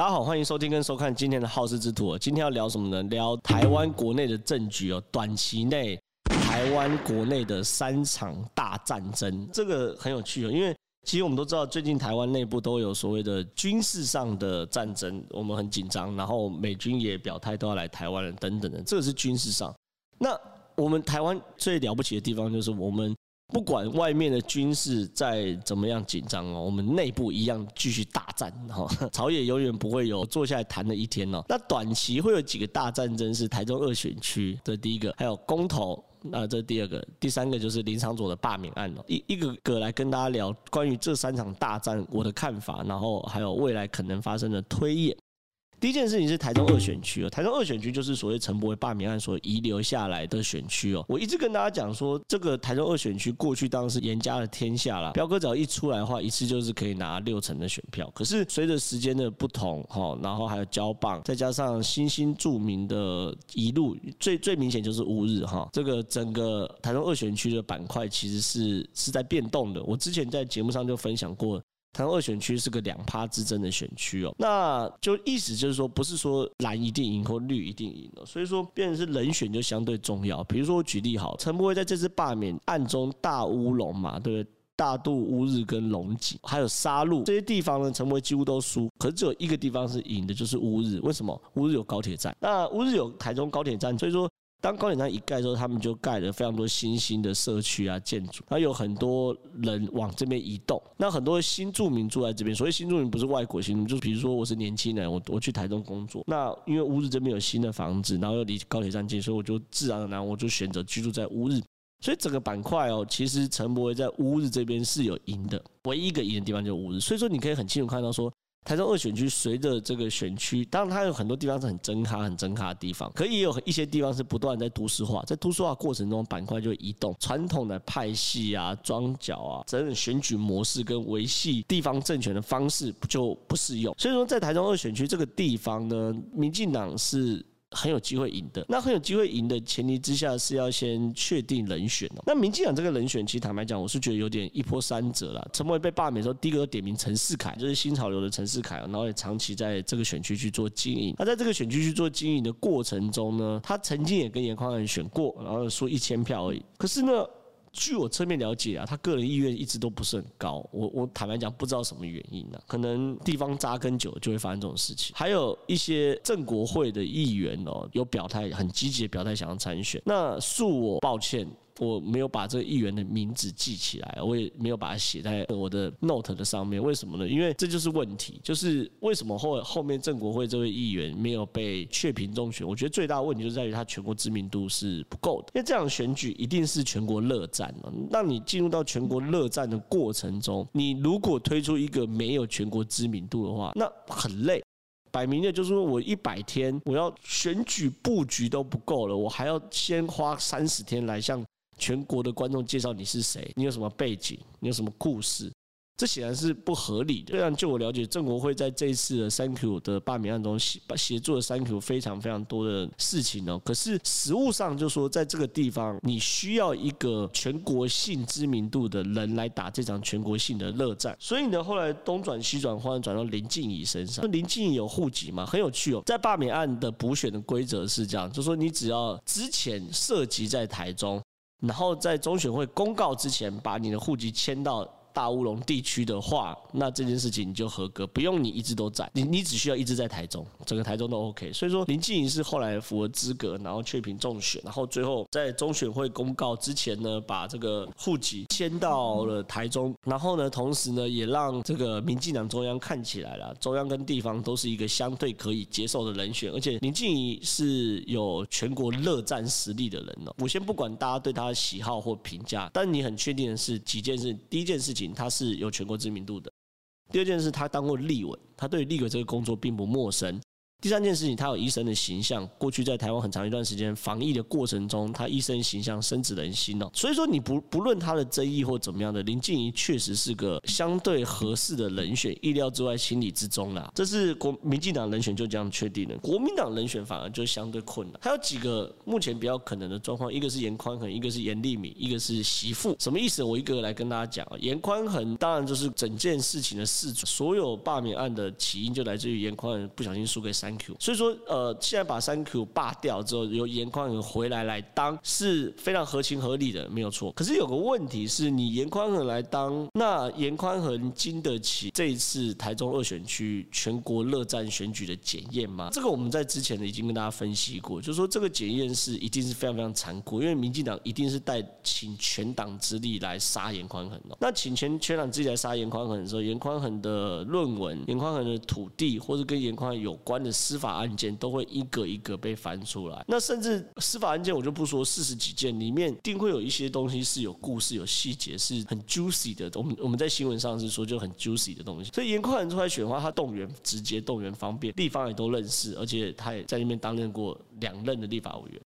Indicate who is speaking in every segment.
Speaker 1: 大家好，歡迎收聽跟收看今天的《皓事之徒》，今天要聊什麼呢？聊台灣國內的政局哦。短期內，台灣國內的三場大戰爭，這個很有趣哦。因為其實我們都知道，最近台灣內部都有所謂的軍事上的戰爭，我們很緊張。然後美軍也表態都要來台灣了，等等的，這個是軍事上。那我們台灣最了不起的地方就是我們。不管外面的軍事再怎麼樣緊張哦，我們內部一樣繼續大戰哈。朝野永遠不會有坐下來談的一天哦。那短期會有幾個大戰爭是台中二選區，這第一個；還有公投，那這第二個；第三個就是林昶佐的罷免案哦。一一個個來跟大家聊關於這三場大戰我的看法，然後還有未來可能發生的推演。第一件事情是台中二選區哦，台中二選區就是所謂陳柏惟罷免案所遺留下來的選區哦。我一直跟大家講說，這個台中二選區過去當然是顏家的天下啦，彪哥只要一出來的話，一次就是可以拿六成的選票。可是隨着時間的不同，哈、哦，然後還有交棒，再加上新興著名的一路，最最明顯就是烏日哈、哦，這個整個台中二選區的板塊其實是是在變動的。我之前在節目上就分享過。台中二選區是個兩趴之爭的選區哦，那就意思就是說，不是說藍一定贏或綠一定贏了，所以說變成是人選就相對重要。比如說舉例好，陳柏惟在這次罷免案中大烏龍嘛，對不對？大肚烏日跟龍井還有沙鹿這些地方呢，陳柏惟幾乎都輸，可是只有一個地方是贏的，就是烏日。為什麼烏日有高鐵站？那烏日有台中高鐵站，所以說。當高鐵站一蓋之後，他們就蓋了非常多新興的社區啊建築，然後有很多人往這邊移動，那很多新住民住在這邊，所謂新住民不是外國新住民，就是比如說我是年輕人，我我去台中工作，那因為烏日這邊有新的房子，然後又離高鐵站近，所以我就自然而然我就選擇居住在烏日，所以整個板塊哦，其實陳柏惟在烏日這邊是有贏的，唯一一個贏的地方就是烏日，所以說你可以很清楚看到說，台中二選區隨着這個選區，當然它有很多地方是很莊腳、很莊腳的地方，可以有一些地方是不斷在都市化，在都市化過程中，板塊就會移動，傳統的派系啊、樁腳啊，整個選舉模式跟維繫地方政權的方式就不適用。所以說，在台中二選區這個地方呢，民進黨是。很有機會贏的，那很有機會贏的前提之下是要先確定人選哦、喔。那民進黨這個人選，其實坦白講，我是覺得有點一波三折了。陳柏惟被罷免之後，第一個點名陳世凱，就是新潮流的陳世凱、喔，然後也長期在這個選區去做經營。那在這個選區去做經營的過程中呢，他曾經也跟顏寬恆選過，然後輸一千票而已。可是呢，據我側面了解啊，他個人意願一直都不是很高。我我坦白講，不知道什麼原因呢、啊，可能地方紮根久了就會發生這種事情。還有一些正國會的議員哦、喔，有表態很積極的表態想要參選。那恕我抱歉。我沒有把這個議員的名字記起來，我也沒有把它寫在我的 note 的上面。為什麼呢？因為這就是問題，就是為什麼後後面鄭國輝這位議員沒有被雀屏中選？我覺得最大的問題就在於他全國知名度是不夠的。因為這樣選舉一定是全國熱戰。那你進入到全國熱戰的過程中，你如果推出一個沒有全國知名度的話，那很累，擺明的就是說，我一百天我要選舉布局都不夠了，我還要先花三十天來向。全國的觀眾介紹你是誰，你有什麼背景，你有什麼故事，這顯然是不合理的。這樣就我了解，鄭國輝在這一次的三 Q 的罷免案中協協助三 Q 非常非常多的事情哦，可是實務上就說，在這個地方你需要一個全國性知名度的人來打這場全國性的熱戰，所以呢，後來東轉西轉，換轉到林靜怡身上。林靜怡有戶籍嗎？很有趣哦。在罷免案的補選的規則是這樣，就說你只要之前設籍在台中，然後在中選會公告之前，把你的戶籍遷到。大烏龍地區的話，那這件事情你就合格，不用你一直都在，你你只需要一直在台中，整個台中都 OK。所以說，林靜儀是後來符合資格，然後確評中選，然後最後在中選會公告之前呢，把這個戶籍遷到了台中，然後呢，同時呢，也讓這個民進黨中央看起來了，中央跟地方都是一個相對可以接受的人選，而且林靜儀是有全國熱戰實力的人哦，我先不管大家對他的喜好或評價，但你很確定的是幾件事，第一件事。他是有全國知名度的。第二件事，他當過立委，他對立委這個工作並不陌生。第三件事情，他有醫生的形象。過去在台灣很長一段時間，防疫的過程中，他醫生形象深植人心哦。所以說，你不不論他的爭議或怎麼樣的，林靜儀確實是個相對合適的人選，意料之外，情理之中啦。這是國民進黨人選就這樣確定的，國民黨人選反而就相對困難。還有幾個目前比較可能的狀況，一個是顏寬恆，一個是顏莉敏，一個是媳婦。什麼意思？我一個個來跟大家講。顏寬恆當然就是整件事情的始祖，所有罷免案的起因就來自於顏寬恆不小心輸給三。所以說，呃，現在把 3Q 罷掉之後，由顏寬恆回來來當是非常合情合理的，沒有錯。可是有個問題是，你顏寬恆來當，那顏寬恆經得起這一次台中二選區全國熱戰選舉的檢驗嗎？這個我們在之前呢已經跟大家分析過，就是說這個檢驗是一定是非常非常殘酷，因為民進黨一定是帶請全黨之力來殺顏寬恆的喔。那請全全黨之力來殺顏寬恆的時候，顏寬恆的論文、顏寬恆的土地或者跟顏寬恆有關的，司法案件都會一個一個被翻出來，那甚至司法案件我就不說四十幾件，裡面定會有一些東西是有故事、有細節，是很 juicy 的。我們我們在新聞上是說就很 juicy 的東西，所以顏寬恆出來選的話，他動員直接動員方便，地方也都認識，而且他也在那邊擔任過兩任的立法委員。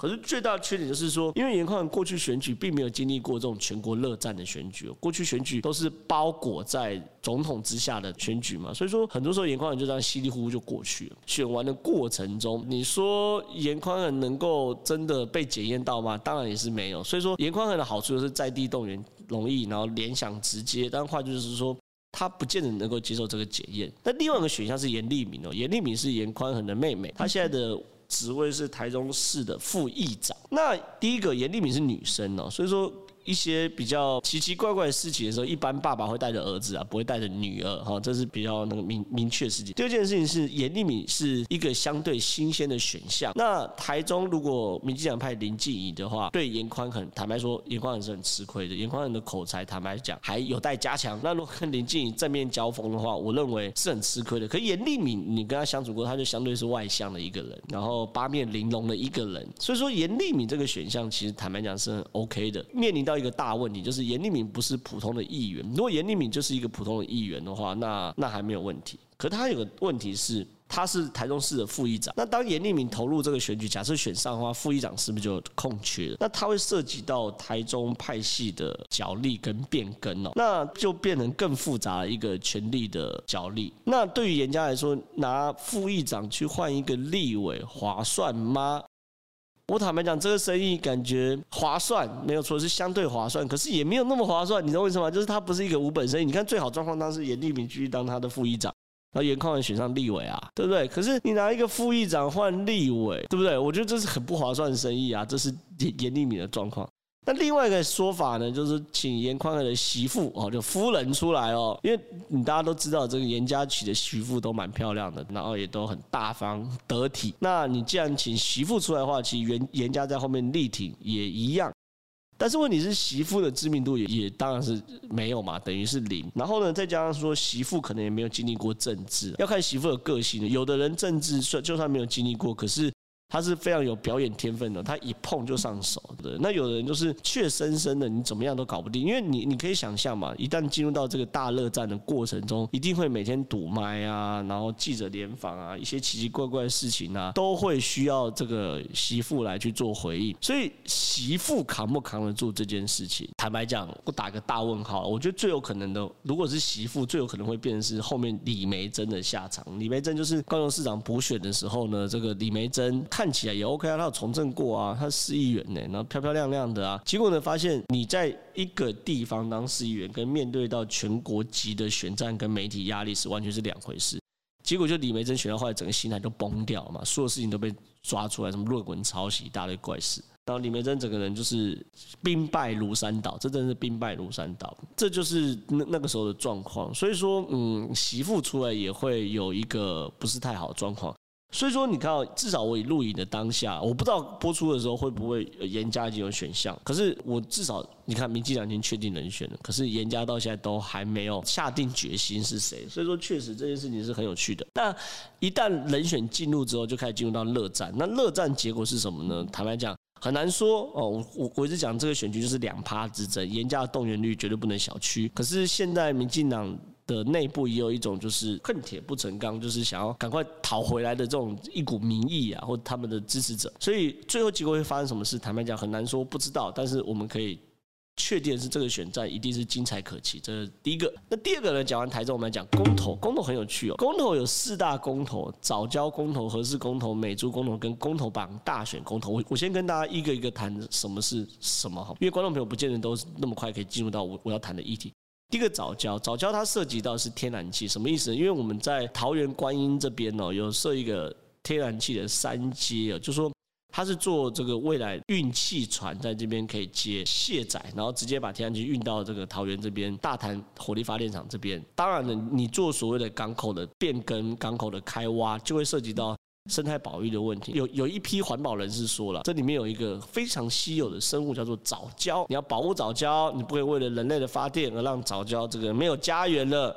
Speaker 1: 可是最大的缺點就是說，因為嚴寬恆過去選舉並沒有經歷過這種全國熱戰的選舉，過去選舉都是包裹在總統之下的選舉嘛，所以說很多時候嚴寬恆就這樣稀里糊塗就過去了。選完的過程中，你說嚴寬恆能夠真的被檢驗到嗎？當然也是沒有。所以說嚴寬恆的好處就是在地動員容易，然後聯想直接，但壞處就是說他不見得能夠接受這個檢驗。那另外一個選項是嚴莉敏哦，嚴莉敏是嚴寬恆的妹妹，她現在的。職位是台中市的副議長。那第一個顏莉敏是女生哦，所以說。一些比較奇奇怪怪的事情的時候，一般爸爸會帶着兒子啊，不會帶着女兒哈，這是比較那個明明確的事情。第二件事情是顏莉敏是一個相對新鮮的選項。那台中如果民進黨派林靜儀的話，對顏寬恆坦白說，顏寬恆是很吃虧的。顏寬恆的口才，坦白講還有待加強。那如果跟林靜儀正面交鋒的話，我認為是很吃虧的。可顏莉敏，你跟他相處過，他就相對是外向的一個人，然後八面玲瓏的一個人。所以說顏莉敏這個選項，其實坦白講是很 OK 的。面臨到一個大問題就是顏莉敏不是普通的議員，如果顏莉敏就是一個普通的議員的話，那那還沒有問題。可他有個問題是，他是台中市的副議長。那當顏莉敏投入這個選舉，假設選上的話，副議長是不是就空缺了？那他會涉及到台中派系的角力跟變更哦，那就變成更複雜的一個權力的角力。那對於顏家來說，拿副議長去換一個立委划算嗎？我坦白講，這個生意感覺划算沒有錯，是相對划算，可是也沒有那麼划算。你知道為什麼嗎？就是它不是一個無本生意。你看最好狀況，當時顏莉敏繼續當他的副議長，然後顏寬恆選上立委啊，對不對？可是你拿一個副議長換立委，對不對？我覺得這是很不划算的生意啊，這是嚴顏莉敏的狀況。那另外一個說法呢，就是請顏寬恆的媳婦哦，就夫人出來哦，因為你大家都知道，這個顏家娶的媳婦都蠻漂亮的，然後也都很大方得體。那你既然請媳婦出來的話，其實顏顏家在後面力挺也一樣，但是問題是媳婦的知名度也也當然是沒有嘛，等於是零。然後呢，再加上說媳婦可能也沒有經歷過政治，要看媳婦的個性，有的人政治算就算沒有經歷過，可是。他是非常有表演天分的，他一碰就上手的。那有的人就是怯生生的，你怎麼樣都搞不定。因為你，你可以想象嘛，一旦進入到這個大熱戰的過程中，一定會每天堵麥啊，然後記者聯訪啊，一些奇奇怪怪的事情啊，都會需要這個媳婦來去做回應。所以，媳婦扛不扛得住這件事情？坦白講，我打個大問號。我覺得最有可能的，如果是媳婦，最有可能會變成是後面李眉蓁的下場。李眉蓁就是高雄市長補選的時候呢，這個李眉蓁。看起來也 OK 啊，他有從政過啊，他市議員呢、欸，然後漂漂亮亮的啊，結果呢，發現你在一個地方當市議員，跟面對到全國級的選戰跟媒體壓力是完全是兩回事。結果就李眉蓁選到後來整個心態都崩掉了嘛，所有事情都被抓出來，什麼論文抄襲，一大堆怪事。然後李眉蓁整個人就是兵敗如山倒，這真的是兵敗如山倒，這就是那那個時候的狀況。所以說，嗯，媳婦出來也會有一個不是太好的狀況。所以說，你看到至少我以錄影的當下，我不知道播出的時候會不會有嚴家這種選項。可是我至少你看民進黨已經確定人選了，可是嚴家到現在都還沒有下定決心是誰。所以說，確實這件事情是很有趣的。那一旦人選進入之後，就開始進入到熱戰。那熱戰結果是什麼呢？坦白講，很難說哦。我我一直講這個選舉就是兩趴之爭，嚴家的動員率絕對不能小覷。可是現在民進黨。的內部也有一種就是恨鐵不成鋼，就是想要趕快討回來的這種一股民意啊，或他們的支持者，所以最後結果會發生什麼事，坦白講很難說不知道。但是我們可以確定是這個選戰一定是精彩可期，這是第一個。那第二個呢？講完台中，我們來講公投。公投很有趣哦，公投有四大公投：藻礁公投、核四公投、美豬公投跟公投綁大選公投。我我先跟大家一個一個談什麼是什麼好因為觀眾朋友不見得都那麼快可以進入到我我要談的議題。第一個藻礁，藻礁它涉及到是天然氣，什麼意思呢？因為我們在桃園觀音這邊哦，有設一個天然氣的三接哦，就是說它是做這個未來運氣船在這邊可以接卸載，然後直接把天然氣運到這個桃園這邊大潭火力發電廠這邊。當然了，你做所謂的港口的變更、港口的開挖，就會涉及到。生態保育的問題，有有一批環保人士說了，這裡面有一個非常稀有的生物叫做藻礁，你要保護藻礁，你不會為了人類的發電而讓藻礁這個沒有家園了。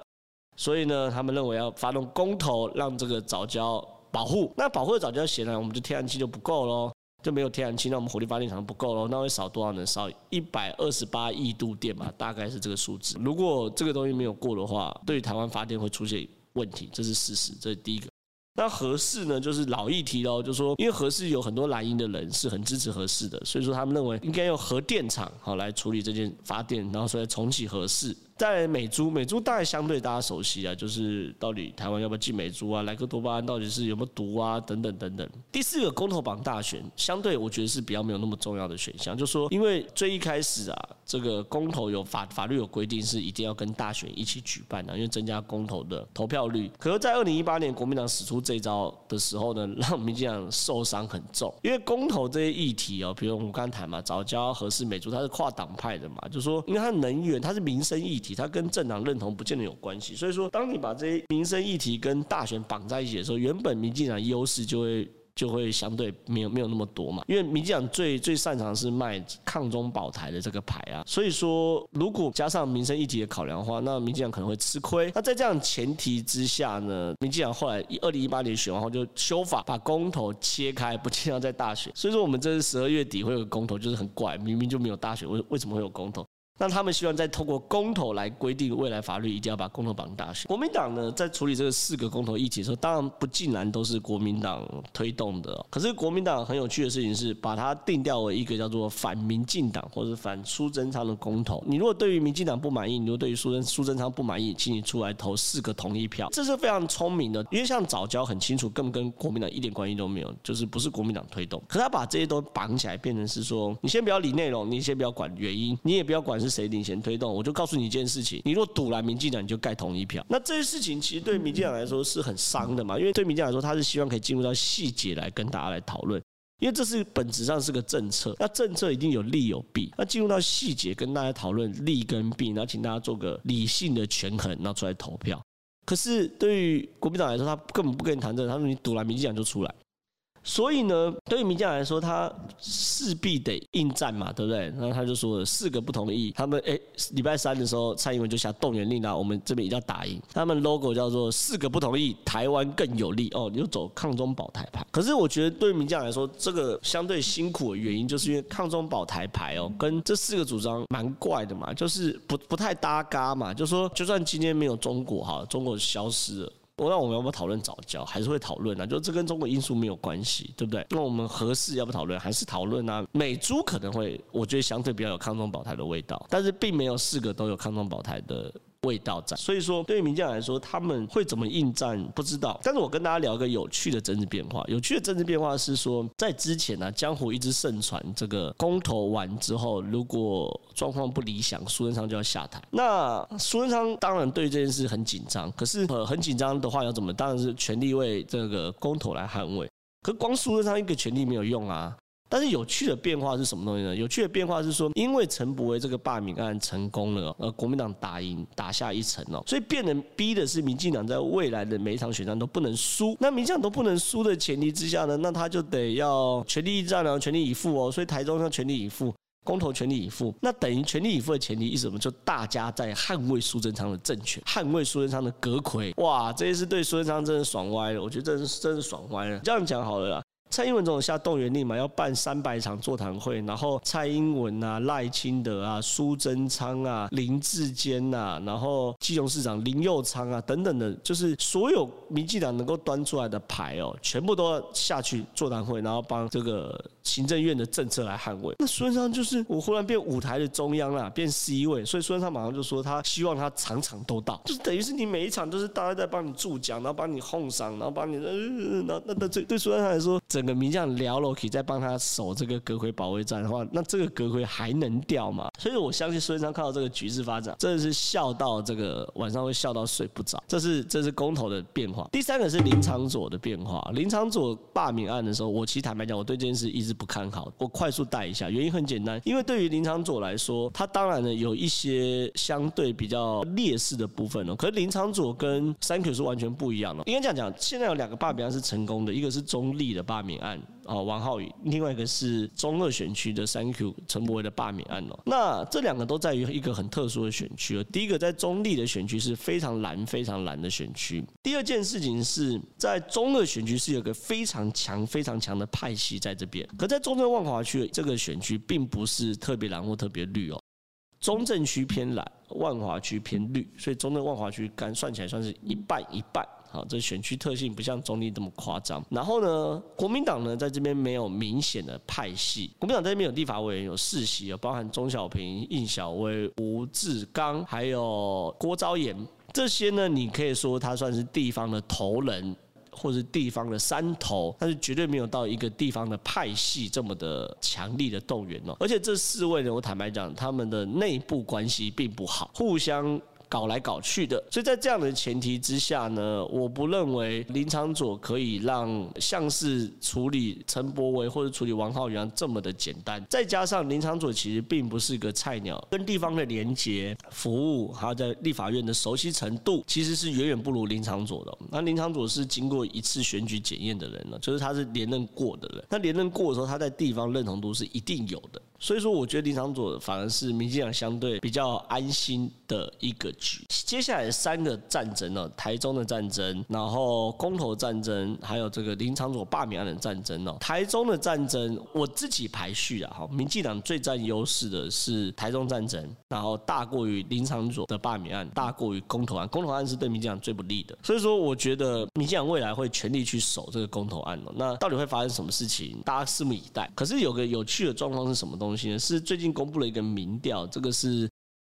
Speaker 1: 所以呢，他們認為要發動公投，讓這個藻礁保護。那保護的藻礁，顯然我們就天然氣就不夠嘍，就沒有天然氣，那我們火力發電廠就不夠嘍，那會少多少呢？少一百二十八億度電吧，大概是這個數字。如果這個東西沒有過的話，對於台灣發電會出現問題，這是事實，這是第一個。那核四呢？就是老議題到，就是說因為核四有很多藍營的人是很支持核四的，所以說他們認為應該用核電廠好來處理這件發電，然後說來重啟核四。在美豬，美豬大概相對大家熟悉啊，就是到底台灣要不要禁美豬啊？萊克多巴胺到底是有沒有毒啊？等等等等。第四個公投綁大選，相對我覺得是比較沒有那麼重要的選項，就說因為最一開始啊，這個公投有法法律有規定是一定要跟大選一起舉辦的，啊，因為增加公投的投票率。可是在2018，在二零一八年國民黨使出這招的時候呢，讓民進黨受傷很重，因為公投這些議題哦，比如我們剛談嘛，早教和適美豬，它是跨黨派的嘛，就說因為它能源，它是民生議題。它跟政黨認同不見得有關係，所以說，當你把這些民生議題跟大選綁在一起的時候，原本民進黨優勢就會就會相對沒有沒有那麼多嘛。因為民進黨最最擅長是賣抗中保台的這個牌啊，所以說如果加上民生議題的考量的話，那民進黨可能會吃虧。那在這樣前提之下呢，民進黨後來二零一八年選完後就修法，把公投切開，不見得要在大選。所以說，我們這是十二月底會有個公投，就是很怪，明明就沒有大選，為為什麼會有公投？但他們希望再透過公投來規定未來法律，一定要把公投綁大選。國民黨呢，在處理這個四個公投議題的時候，當然不盡然都是國民黨推動的。可是國民黨很有趣的事情是，把它定調為一個叫做反民進黨或者反蘇貞昌的公投。你如果對於民進黨不滿意，你如果對於蘇貞蘇貞昌不滿意，請你出來投四個同意票。這是非常聰明的，因為像藻礁很清楚，根本跟國民黨一點關係都沒有，就是不是國民黨推動。可他把這些都綁起來，變成是說，你先不要理內容，你先不要管原因，你也不要管是。誰領銜推動？我就告訴你一件事情：你若賭來民進黨，你就蓋同一票。那這些事情其實對民進黨來說是很傷的嘛，因為對民進黨來說，他是希望可以進入到細節來跟大家來討論，因為這是本質上是個政策。那政策一定有利有弊。那進入到細節跟大家討論利跟弊，然後請大家做個理性的權衡，然後出來投票。可是對於國民黨來說，他根本不跟你談這個，他說你賭來民進黨就出來。所以呢，對於民進黨來說，他勢必得應戰嘛，對不對？然後他就說了四個不同意，他們哎，禮拜三的時候，蔡英文就下動員令啦、啊，我們這邊一定要打贏。他們 logo 叫做四個不同意，台灣更有力哦，你就走抗中保台牌。可是我覺得，對於民進黨來說，這個相對辛苦的原因，就是因為抗中保台牌哦，跟這四個主張蠻怪的嘛，就是不不太搭嘎嘛，就說就算今天沒有中國哈，中國消失了。我那我們要不要討論早教，還是會討論呢？就是這跟中國因素沒有關係，對不對？那我們合適要不討論，還是討論呢？美豬可能會，我覺得相對比較有抗中保台的味道，但是並沒有四個都有抗中保台的。味道在。所以說，對於民進來說，他們會怎麼應戰，不知道。但是我跟大家聊個有趣的政治變化，有趣的政治變化是說，在之前呢、啊，江湖一直盛傳這個公投完之後，如果狀況不理想，蘇貞昌就要下台。那蘇貞昌當然對這件事很緊張，可是呃，很緊張的話要怎麼？當然是全力為這個公投來捍衛。可是光蘇貞昌一個全力沒有用啊。但是有趣的變化是什麼東西呢？有趣的變化是說，因為陳柏惟這個罷免案成功了，而國民黨打贏打下一城哦，所以變成逼的是民進黨在未來的每一場選戰都不能輸。那民進黨都不能輸的前提之下呢，那他就得要全力一戰，然後全力以赴哦。所以台中鄉全力以赴，公投全力以赴，那等於全力以赴的前提是什麼？就大家在捍衛蘇貞昌的政權，捍衛蘇貞昌的閣揆。哇，這一次對蘇貞昌真的爽歪了，我覺得真的真是爽歪了。這樣講好了啦。蔡英文總統下動員令嘛，要辦三百場座談會，然後蔡英文啊、賴清德啊、蘇貞昌啊、林智堅啊，然後基隆市長林右昌啊等等的，就是所有民進黨能夠端出來的牌哦，全部都要下去座談會，然後幫這個行政院的政策來捍衛。那蘇貞昌就是我忽然變舞台的中央了，變 C 位，所以蘇貞昌馬上就說他希望他場場都到，就是等於是你每一場都是大家在幫你助講，然後幫你哄上，然後幫你，那那對對蘇貞昌來說，整。個名將聊可以再幫他守這個閣揆保衛戰的話，那這個閣揆還能掉嗎？所以我相信蘇貞昌看到這個局勢發展，真的是笑到這個晚上會笑到睡不着。這是這是公投的變化。第三個是林昶佐的變化。林昶佐罷免案的時候，我其實坦白講，我對這件事一直不看好。我快速帶一下，原因很簡單，因為對於林昶佐來說，他當然呢有一些相對比較劣勢的部分了、哦。可是林昶佐跟三 Q 是完全不一樣哦，應該這樣講，現在有兩個罷免案是成功的，一個是中立的罷免。案哦，王浩宇，另外一個是中二選區的三 Q 陳柏惟的罷免案哦、喔。那這兩個都在於一個很特殊的選區、喔。第一個在中壢的選區是非常藍、非常藍的選區。第二件事情是在中二選區是有一個非常強、非常強的派系在這邊。可在中正萬華區這個選區並不是特別藍或特別綠哦、喔。中正區偏藍，萬華區偏綠，所以中正萬華區干算起來算是一半一半。好，這選區特性不像中立這麼誇張。然後呢，國民黨呢在這邊沒有明顯的派系。國民黨在這邊有立法委員，有四席，有包含鍾小平、應曉薇、吳志剛，還有郭昭巖這些呢。你可以說他算是地方的頭人，或者地方的山頭，但是絕對沒有到一個地方的派系這麼的強力的動員哦。而且這四位呢，我坦白講，他們的內部關係並不好，互相。搞來搞去的，所以在這樣的前提之下呢，我不認為林昶佐可以讓像是處理陳柏惟或者處理王浩宇這麼的簡單。再加上林昶佐其實並不是一個菜鳥，跟地方的連接服務，還有在立法院的熟悉程度，其實是遠遠不如林昶佐的。那林昶佐是經過一次選舉檢驗的人呢，就是他是連任過的人。他連任過的時候，他在地方認同度是一定有的。所以說，我覺得林昶佐反而是民進黨相對比較安心的一個局。接下來三個戰爭呢、哦，台中的戰爭，然後公投戰爭，還有這個林昶佐罷免案的戰爭呢、哦。台中的戰爭我自己排序啊，哈，民進黨最佔優勢的是台中戰爭，然後大過於林昶佐的罷免案，大過於公投案。公投案是對民進黨最不利的，所以說，我覺得民進黨未來會全力去守這個公投案了、哦。那到底會發生什麼事情，大家拭目以待。可是有個有趣的狀況是什麼東西？是最近公布了一個民調，這個是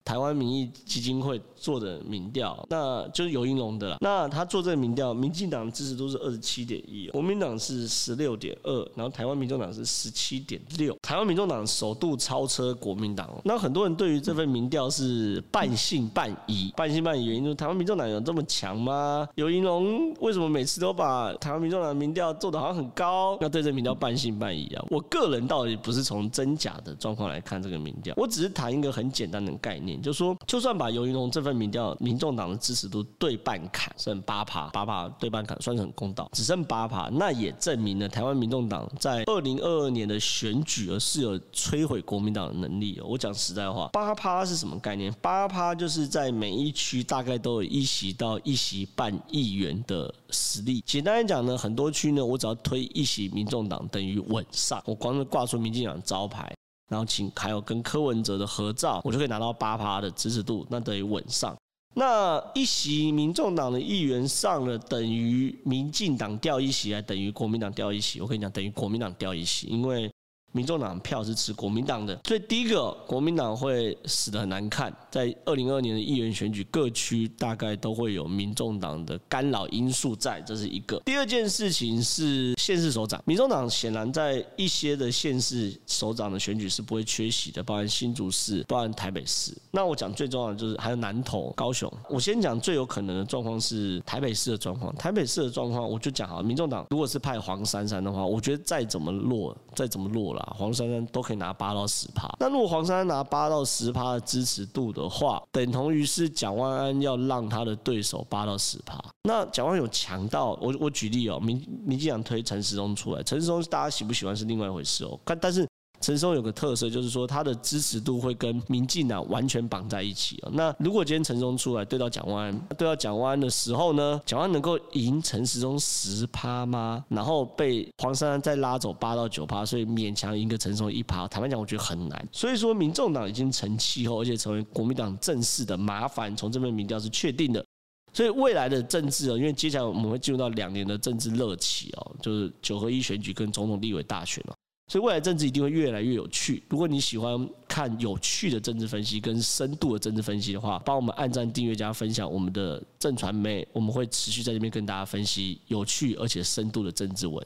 Speaker 1: 台灣民意基金會。做的民調，那就是游盈隆的啦。那他做這個民調，民進黨的支持度是二十七點一，國民黨是十六點二，然後台灣民眾黨是十七點六，台灣民眾黨首度超車國民黨。那很多人對於這份民調是半信半疑，半信半疑原因就是台灣民眾黨有這麼強嗎？游盈隆為什麼每次都把台灣民眾黨的民調做得好像很高？要對這民調半信半疑啊？我個人到底不是從真假的狀況來看這個民調，我只是談一個很簡單的概念，就是說，就算把游盈隆這份民調，民眾黨的支持度對半砍，剩八趴，八趴對半砍，算是很公道。只剩八趴，那也證明了台灣民眾黨在二零二二年的選舉，而是有摧毀國民黨的能力。我講實在話，八趴是什麼概念？八趴就是在每一區大概都有一席到一席半議員的實力。簡單來講呢，很多區呢，我只要推一席民眾黨，等於穩上。我光是掛出民進黨招牌。然後請還有跟柯文哲的合照，我就可以拿到八趴的支持度，那等於穩上。那一席民眾黨的議員上了，等於民進黨掉一席，還等於國民黨掉一席。我跟你講，等於國民黨掉一席，因為。民眾黨票是吃國民黨的，所以第一個，國民黨會死得很難看。在二零二二年的議員選舉，各區大概都會有民眾黨的干擾因素在，這是一個。第二件事情是縣市首長，民眾黨顯然在一些的縣市首長的選舉是不會缺席的，包含新竹市，包含台北市。那我講最重要的就是還有南投、高雄。我先講最有可能的狀況是台北市的狀況，台北市的狀況我就講好了，民眾黨如果是派黃珊珊的話，我覺得再怎麼落，再怎麼落了。啊、黃珊珊都可以拿八到十趴，那如果黃珊珊拿八到十趴的支持度的話，等同於是蔣萬安要讓他的對手八到十趴。那蔣萬安有強到我我舉例哦、喔，民民進黨推陳時中出來，陳時中大家喜不喜歡是另外一回事哦、喔，但但是。陳時中有個特色，就是說他的支持度會跟民進黨、啊、完全綁在一起啊、哦。那如果今天陳時中出來對到蔣萬安，對到蔣萬安的時候呢，蔣萬能夠贏陳時中十趴嗎？然後被黃珊珊再拉走八到九趴，所以勉強贏個陳時中一趴。坦白講，我覺得很難。所以說，民眾黨已經成氣候，而且成為國民黨正式的麻煩，從這份民調是確定的。所以未來的政治啊、哦，因為接下來我們會進入到兩年的政治熱期哦，就是九合一選舉跟總統立委大選了、哦。所以未來政治一定會越來越有趣。如果你喜歡看有趣的政治分析跟深度的政治分析的話，幫我們按贊、訂閱加分享我們的震傳媒，我們會持續在這邊跟大家分析有趣而且深度的政治文。